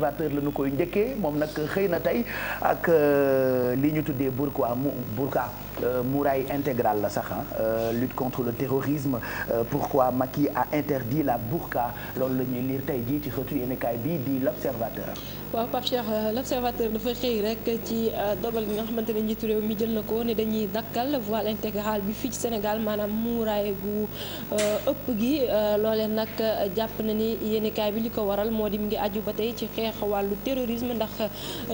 l'observateur la ñu koy njëkkee moom nag xëy na tey ak euh, li ñu tuddee burka mu burka euh, muraille intégrale la sax ah lutte contre le terrorisme pourquoi Macky a interdit la burqa loolu la ñuy lire tey jii ci xëtu yéenekaay bii di l'observateur waaw Pape Cheikh l'observateur dafa xëy rek ci dogal bi nga xamante ne njiitu réew mi jël na ko ne dañuy dakkal voile intégrale bi fii ci Sénégal maanaam muuraay gu ëpp gi loolee nag jàpp na ni yéenekaay bi li ko waral moo di mu ngi aju ba xeex wàllu terrorisme ndax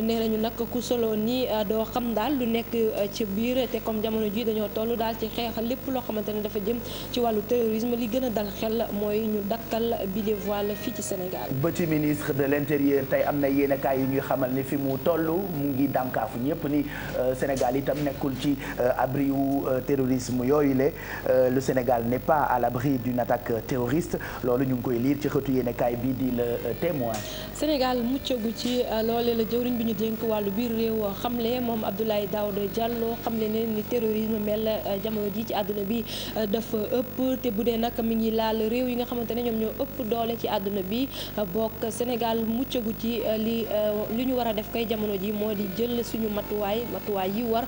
nee nañu nag ku solo ni ah, doo xam daal lu nekk ah, ci biir te comme jamono ji dañoo toll daal ci xeex lépp loo xamante ne dafa jëm ci wàllu terrorisme li gën a dal xel mooy ñu dakkal bile voile fii ci Sénégal. ba ci ministre de l'intérieur tey am na yenn yu ñuy xamal ni fi mu toll mu ngi dànkaafu ñëpp ni ah, Sénégal itam nekkul ci abri wu terrorisme yooyu le lu Sénégal n'est pas à l'abri d'une attaque terroriste loolu ñu ngi koy liir ci xëtu yenn bii di le témoin. Sénégal muccagu ci euh, loole la jëwriñ bi ñu dénk wàllu biir réew xamle moom Abdoulaye Daouda Diallo xamle ne ni terrorisme mel euh, jamono ji ci àdduna bi euh, dafa ëpp te bu dee nag mi ngi laal réew yi nga xamante ne ñoom ñoo ëpp doole ci àdduna bi bokk Sénégal muccagu ci li li ñu war a def koy jamono ji moo di jël suñu matuwaay matuwaay yi war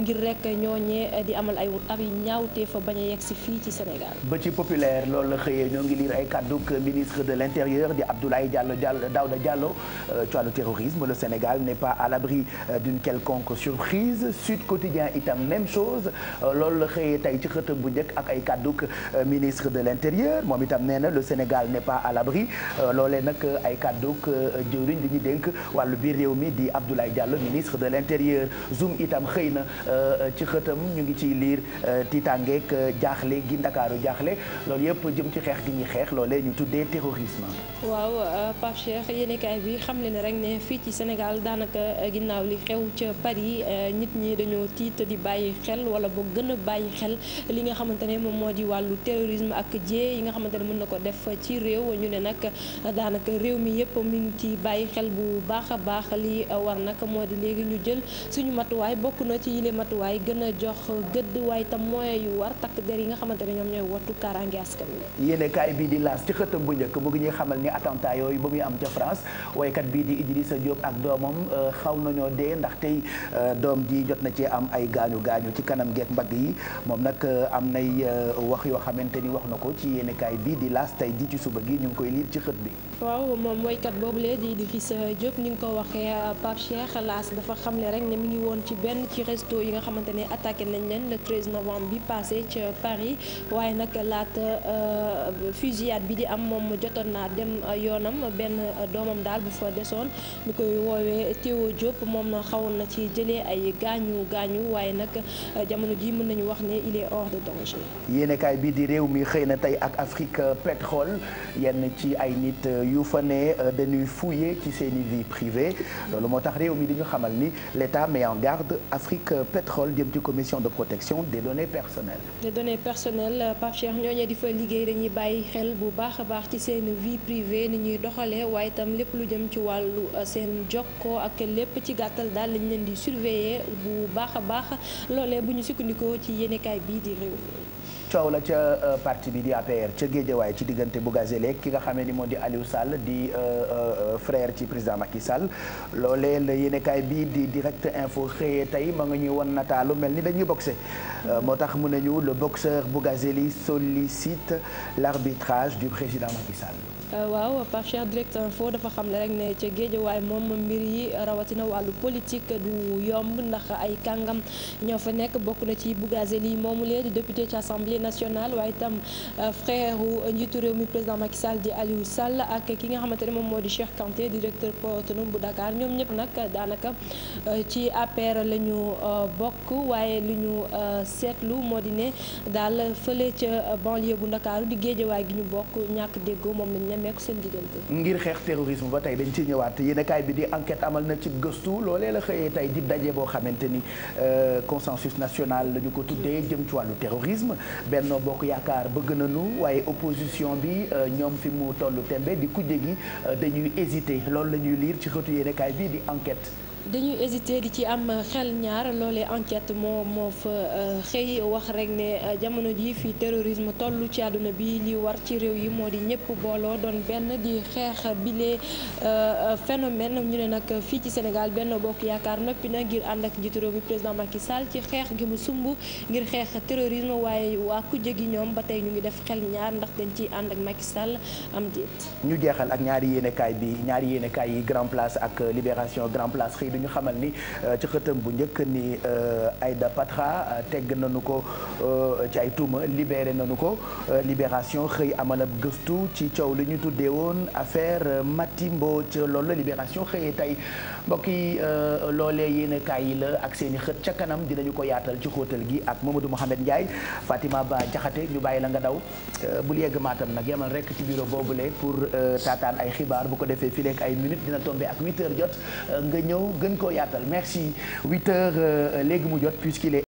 ngir rek ñooñee di amal ay ab ñaawtee fa bañ a yegg si fii ci Sénégal. ba ci populaire loolu la xëyee ñoo ngi liir ay kàdduk ministre de l'intérieur di Abdoulaye Diallo Diallo Daouda Diallo euh, tu as le terrorisme le Sénégal n'est pas à l'abri euh, d'une quelconque surprise Sud Quotidien itam même chose euh, loolu la xëyee tey ci xëtam bu njëkk ak ay kàdduk ministre de l'intérieur moom itam nee na le Sénégal n'est pas à l'abri loolee nag ay kàdduk jëwriñ di ñu dénk wàllu biir réew mi di Abdoulaye Diallo ministre de l'intérieur Zoom itam xëy na ci xëtam ñu ngi ciy liir tiitangeek jaaxle gi Ndakaaru jaaxle loolu yëpp jëm ci xeex gi ñuy xeex loolee ñu tuddee terrorisme waaw Pape Cheikh yéenekaay bi xam le ne rek ne fii ci Sénégal daanaka eh, ginnaaw li xew ca Paris eh, nit ñi dañoo tiit di bàyyi xel wala boo gën a bàyyi xel li nga xamante ne moom moo di wàllu terrorisme ak jee yi nga xamante ne mën na ko def ci réew ñu ne nag daanaka réew mi yëpp mi ngi ci bàyyi xel bu baax a baax li war nag moo di léegi ñu jël suñu matuwaay bokk na ci yile matuwaay gën a jox gëdd waaye tam moyen yu war takk der yi nga xamante ne ñoom ñooy wattu kaaraange askan wi. yéenekaay bi di laas ci xëtam bu njëkk bëgg ñuy xamal ni attentat yooyu ba muy am ca France violence woykat bii di Idrissa Diop ak doomam euh, xaw nañoo dee ndax tey euh, doom ji jot na ci am ay gaañu gaañu ci kanam geek mbagg yi moom nag euh, am nay wax yoo xamante ni wax na ko ci yéenekaay bii di laas tey ji ci suba gi ñu ngi koy liir ci xët bi. waaw moom woykat boobu lee di Idrissa Diop ni nga ko waxee Pape Cheikh laas dafa xamle rek ne mi ngi woon ci benn ci resto yi nga xamante ne attaqué nañ leen le 13 novembre bi passé ca Paris waaye nag laata fusillade bi di am moom jotoon naa dem yoonam benn. doomam daal bu fa desoon ñu koy woowee Théo Diop moom xawoon na ci jëlee ay gaañu gaañu waaye nag euh, jamono ji mën nañu wax ne il est hors de danger. yéenekaay bi di réew mi xëy na tey ak Afrique Pétrole yenn ci ay nit euh, yu fa ne euh, dañuy fouiller ci seeni vie privée loolu moo tax réew mi di xamal ni l'État met en garde Afrique Pétrole jëm ci commission de protection de données personnelles. des données di fa liggéey dañuy bàyyi xel bu baax a baax ci seen vie lépp lu jëm ci wàllu euh, seen jokkoo ak lépp ci gàttal daal lañ leen di surveiller bu baax a baax loole bu ñu sukkandikoo ci yéenekaay bii di réew coow la ca euh, parti bi di APR ca Géejawaay ci diggante Bougazélé ki nga xamee ni moo di Aliou Sall di euh, euh, frère ci président Macky Sall loolee la bi di direct info xëyee tey ma nga ñuy won nataalu mel ni dañuy boxe moo tax mu ne ñu le boxeur Bougazélé sollicite l'arbitrage du président Macky Sall waaw par cher directeur info dafa xam ne rek ne ca géejawaay moom mbir yi rawatina wàllu politique du yomb ndax ay kàngam ñoo fa nekk bokk na ci Bougazélé moomu assemblée nationale waaye itam euh, frère wu euh, njiitu réew mi président Macky Sall di Aliou Sall ak ki nga xamante ne moom moo di Cheikh Kanté directeur port autonome bu Dakar ñoom ñëpp nag daanaka euh, ci APR la ñu bokk waaye lu ñu seetlu moo di ne daal fële ca banlieue bu Ndakaaru di géejewaay gi ñu bokk ñàkk déggoo moom lañ ñemeeku seen diggante. ngir xeex terrorisme ba tey dañ ci ñëwaat yéenekaay bi di enquête amal na ci gëstu loolee la xëyee tey di daje boo xamante ni consensus national la ñu ko jëm ci wàllu terrorisme Benno Bokk Yaakaar bëgg nañu waaye opposition bi euh, ñoom fi mu tollu tembe di kujje gi euh, dañuy hésité loolu la ñuy lire ci xëtu yéenekaay bii di enquête dañuy hésité di ci am xel ñaar loolee enquête moo moo fa euh, xëy wax rek ne euh, jamono ji fi terrorisme toll ci àdduna bi li war ci réew yi moo di ñëpp booloo doon benn di xeex bile euh, phénomène ñu ne nag fii ci Sénégal benn bokk yaakaar noppi na ngir ànd ak njiitu réew bi président Macky Sall ci xeex gi mu sumb ngir xeex terrorisme waaye waa kujje gi ñoom ba tey ñu ngi def xel ñaar ndax dañ ci ànd ak Macky Sall am déet. ñu jeexal ak ñaari yéenekaay bi ñaari yéenekaay yi Grand ak Libération Grand Place yi du ñu xamal ni euh, ci xëtam bu njëkk ni euh, Aïda Patra euh, tegg nañu ko ci ay tuuma libéré nañu ko libération xëy amal ab gëstu ci coow lu ñu tuddee woon affaire mboo ci loolu la libération xëyee tey mbokk yi loolee yéen kaay yi la ak seen i xët ca kanam dinañu ko yaatal ci xóotal gi ak Mamadou Mohamed Ndiaye Fatima Ba Jaxate ñu bàyyi la nga daw bul yegg maatam nag yamal rek ci bureau boobule pour taataan ay xibaar bu ko defee fileek ay minutes dina tombé ak gën koo yaatal merci 8 heures euh, léegi mu jot puisqu'il